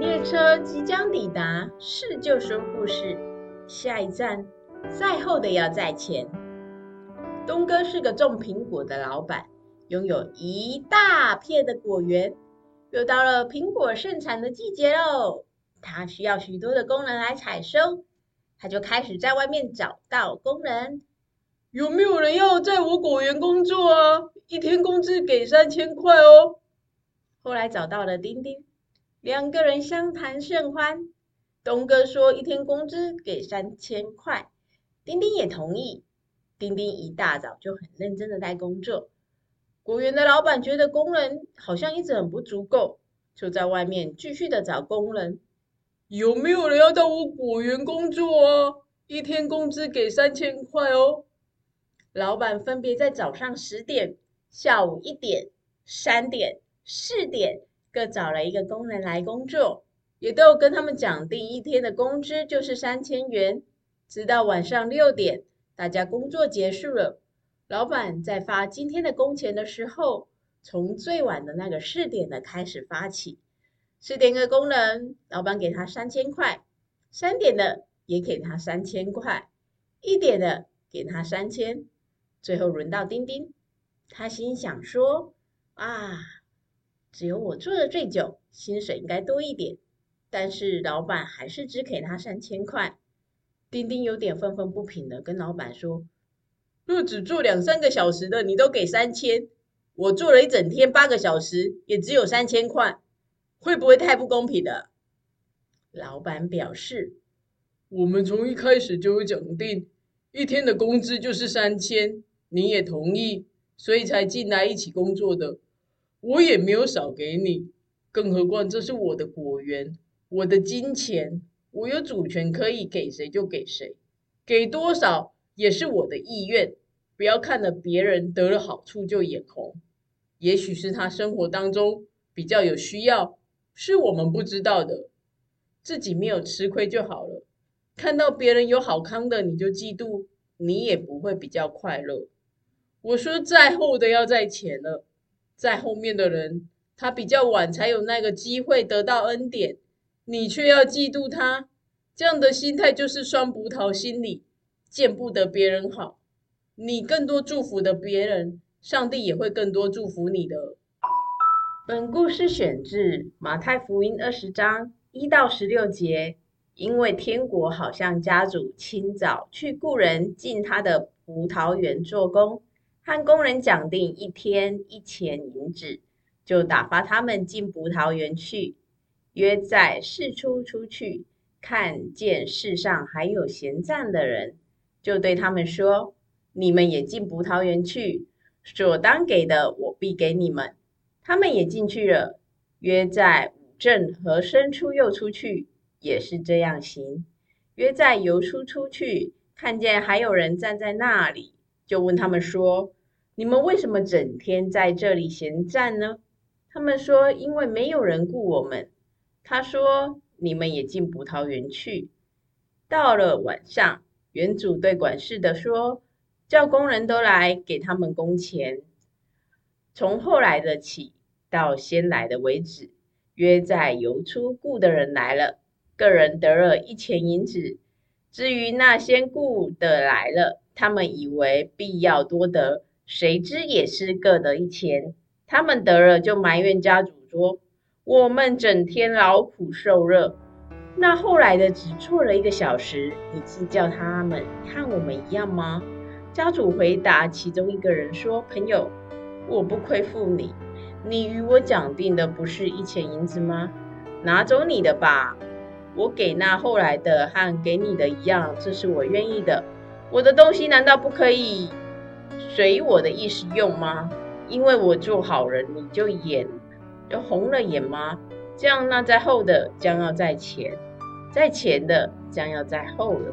列車即將抵達，是救生故事。下一站，在後的要在前。東哥是個種蘋果的老板，擁有一大片的果園，又到了蘋果盛產的季節嘍。他需要許多的工人來採收，他就開始在外面找到工人。有沒有人要在我果園工作啊？一天工資給三千塊哦。後來找到了丁丁。兩個人相談甚歡。東哥說，一天工資給三千塊，丁丁也同意。丁丁一大早就很認真的在工作。果園的老板覺得工人好像一直很不足夠，就在外面繼續的找工人。有沒有人要到我果園工作啊？一天工資給三千塊哦。老板分別在早上十點、下午一點、三點、四點，各找了一個工人來工作，也都跟他們講定一天的工資就是三千元。直到晚上六點，大家工作結束了，老板在發今天的工錢的時候，從最晚的那個四點的開始發起，四點的工人，老板給他三千塊，三點的也給他三千塊，一點的給他三千，最後輪到丁丁，他心想說啊。只有我做的最久，薪水應該多一點，但是老闆還是只給他三千塊。丁丁有點憤憤不平的跟老闆說：“那只做兩三個小時的你都給三千，我做了一整天八個小時也只有三千塊，會不會太不公平了？”老闆表示：“我們從一開始就有講定，一天的工資就是三千，你也同意，所以才進來一起工作的。”我也沒有少給你，更何況這是我的果園，我的金錢，我有主權，可以給誰就給誰，給多少也是我的意願。不要看了別人得了好處就眼紅，也許是他生活當中比較有需要，是我們不知道的，自己沒有吃虧就好了。看到別人有好康的，你就嫉妒，你也不會比較快樂。我說在後的要在前了。在後面的人，他比較晚才有那個機會得到恩典，你卻要嫉妒他，這樣的心態就是酸葡萄心理，見不得別人好，你更多祝福的別人，上帝也會更多祝福你的。本故事選自馬太福音二十章一到十六節，因為天國好像家主清早去雇人進他的葡萄園做工。和工人講定一天一錢銀子，就打發他們進葡萄園去。約在巳初出去，看見市上還有閒站的人，就對他們說：“你們也進葡萄園去，所當給的，我必給你們。”他們也進去了。約在午正和申初又出去，也是這樣行。約在酉初出去，看見還有人站在那裡。就問他們說：“你們為什麼整天在這裡閒站呢？”他們說：“因為沒有人雇我們。”他說：“你們也進葡萄園去。”到了晚上，園主對管事的說：“叫工人都來，給他們工錢。”從後來的起，到先來的為止，約在酉初雇的人來了，各人得了一錢銀子。至於那先雇的來了，他們以為必要多得，誰知也是各得一錢。他們得了，就埋怨家主說：“我們整天勞苦受熱。”那後來的只做了一個小時，你是叫他們和我們一樣嗎？家主回答其中一個人說：“朋友，我不虧負你，你與我講定的不是一錢銀子嗎？拿走你的吧。”我給那後來的和給你的一樣，這是我願意的。我的東西難道不可以隨我的意思用嗎？因為我做好人，你就眼就紅了眼嗎？這樣那在後的將要在前，在前的將要在後了。